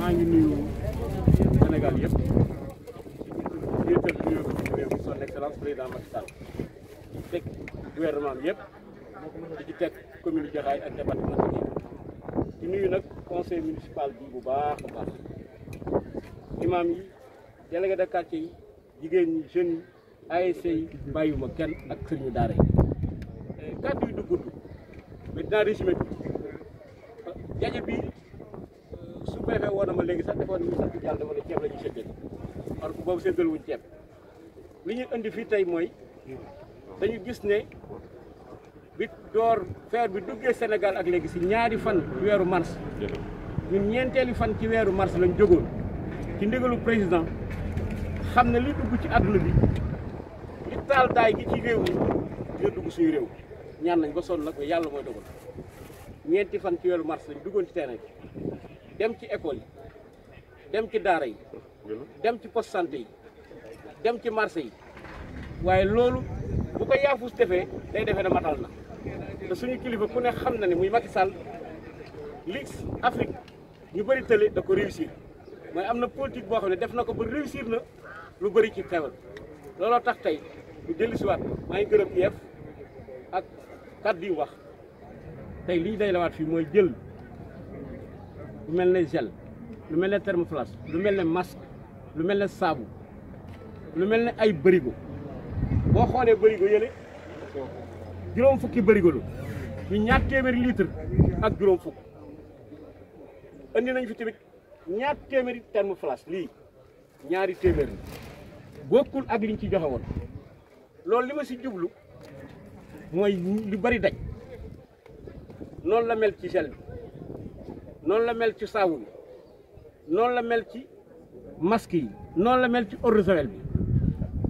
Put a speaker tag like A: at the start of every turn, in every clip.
A: maa ngi nuyu Sénégal yëpp di jiital nuyoo bi ci réew nuyu nag conseil municipal bi bu baax a imam yi délégué de quartier yi jigéen ñi jeunes yi ASC eh, du gudd mais dinaa résumé bi léegi sax defoon nañu sax jàll wala ceeb la ñuy séddale boobu séddale wuñ ceeb li ñu indi fii tey mooy dañu gis ne bi door feer bi duggee senegal ak léegi si ñaari fan ci weeru mars ñun ñeenteeli fan ci weeru mars lañ jógoon ci ndigalu président xam ne li dugg ci àdduna bi li taal daay gi ci réew mi dina dugg suñu réew ñaan nañ ba sonn nag yàlla mooy dogal ñeenti fan ci weeru mars lañ duggoon ci terrain bi dem ci école yi dem ci daara yi dem ci poste santé dem ci marché yi waaye loolu bu ko yaafus defee day defe ne matal na te suñu kilifa ku ne xam na ne muy Macky Sall li ñu bëri tële da ko réussir mooy am na politique boo xam ne def na ko ba réussir na lu bëri ci xewal looloo tax tey ñu dellusiwaat maa ngi gërëm IEF ak kàddu di wax tey li ñu fii mooy jël bu mel ne gel Le melne thermoflash lu melne masque lu melne sabu de lu il n'y ay que boo brigo yele juroom fukki brigo lu ñu litre ak juroom fuk andi nañ fi tamit thermoflash li ñaari téeméeri bokkul ak liñ ci joxe woon ma lu bari daj non la mel ci gel Non, la mel ci non la mel ci masque yi noonu la mel ci eau de bi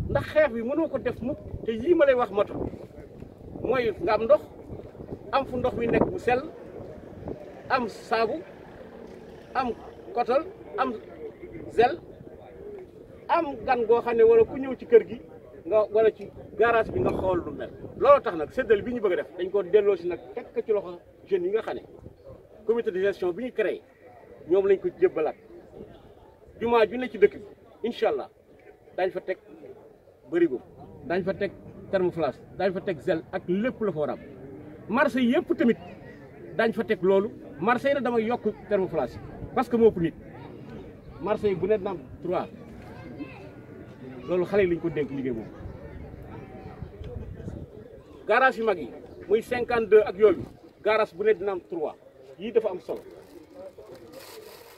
A: ndax xeex bi mënoo def mu te yi ma lay wax matu moy nga am ndox am fu ndox mi nek bu sel am sabu am kotal am zel am gan go xane wala ku ñew ci kër gi nga wala ci garage bi nga xol lu mel loolu tax nak séddale bi ñu bëgg def dañ ko delloo ci nak tek ci loxo jeune yi nga xane comité de gestion bi ñu créé ñom lañ ko jébbalaat juma ju ne ci dëkk bi incha allah daañ fa teg bërigo daañ fa tek thermoflash dañ fa tek zel ak lepp la fo war a marché yépp tamit dañ fa tek lolu marché na dama yok thermoflash parce que moo ëpp nit marché bu ne dina 3 lolu xalé liñ ko dénk ligé boobu garage magi muy 52 ak yoyu garage bu ne dina am 3 yi dafa am solo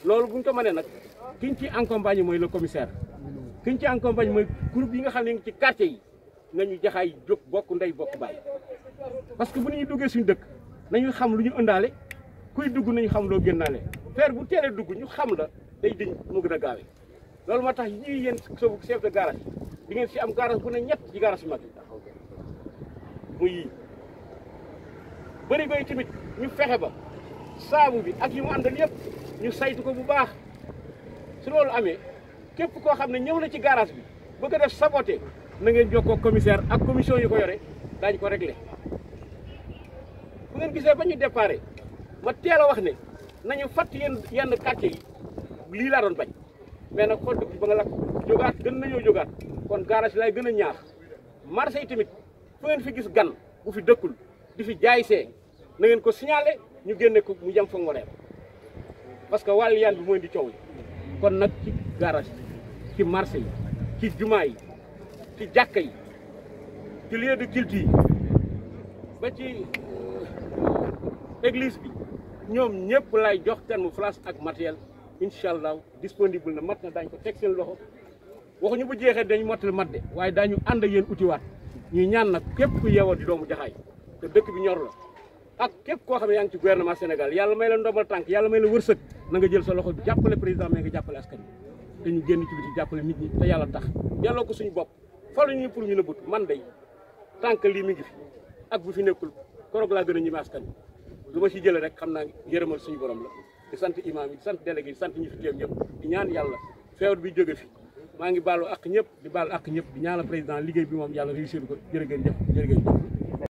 A: lolu buñ ko mané nak ki ñu ci accompagné mooy le commissaire ki ñu ci accompagné mooy yi nga xam ne ci quartier yi nañu jaxaay jóg bokk ndey bokk bàyyi parce que bu ñu duggee suñu dëkk nañu xam lu ñu ëndaale kuy dugg nañu xam loo génnaale feer bu teelee dugg ñu xam la day dëñ mu gën gaawe loolu ma tax ñii yéen soo chef de garage si am garage bu ne ñett ci garage mag yi muy yii bëri goy tamit ñu fexe ba saabu bi ak yi mu àndal yëpp ñu saytu ko bu baax su loolu amee képp koo xam ne ñëw na ci garage bi bëgg a def saboté na ngeen jokkoo commissaire ak commission yu ko yore daañu ko réglé bu ngeen gisee ba ñu déparé ma teel a wax ne nañu fat yenn yenn quartier yi lii laa doon bañ mais nag xodd ba nga lakk gën nañoo jógaat kon garage laay gën a ñaax marché yi tamit fu ngeen fi gis gan bu fi dëkkul di fi jaay see na ko signalé ñu génne ko mu jëm fa ngoreer parce que wàllu yaan bi mooy di coow yi kon nag ci garage ci marché yi ci jumaa yi ci jàkka yi ci lieu de culte ba ci euh, église bi ñoom ñëpp lay jox terme flash ak matériel incha allah disponible na mat na daañu ko teg seen loxo waxuñu bu jeexee dañu mottali mat de waaye daañu ànd ak yéen utiwaat ñuy ñaan nag képp ku yeewoo di doomu jaxaay te dëkk bi ñor la ak képp koo xam ne yaa ngi ci gouvernement Sénégal yàlla may la ndombal tànk yàlla may la wërsëg na nga jël sa loxo jàppale président mais nga jàppale askan te ñu génn ci biti jàppale nit ñi te yàlla tax delloo ko suñu bopp falu ñu pour ñu nëbbut man day tànk lii mi ngi fi ak bu fi nekkul koroog laa gën a ñi askan bi lu ma si jëlee rek xam naa yërëmal suñ borom la di sant imam yi di sant délégué di sant ñu fi teew ñëpp di ñaan yàlla feewar bi jóge fi maa ngi baalu ak ñëpp di baalu ak ñëpp di président liggéey bi moom yàlla réussir ko jërëgéen jëf jërëgéen jëf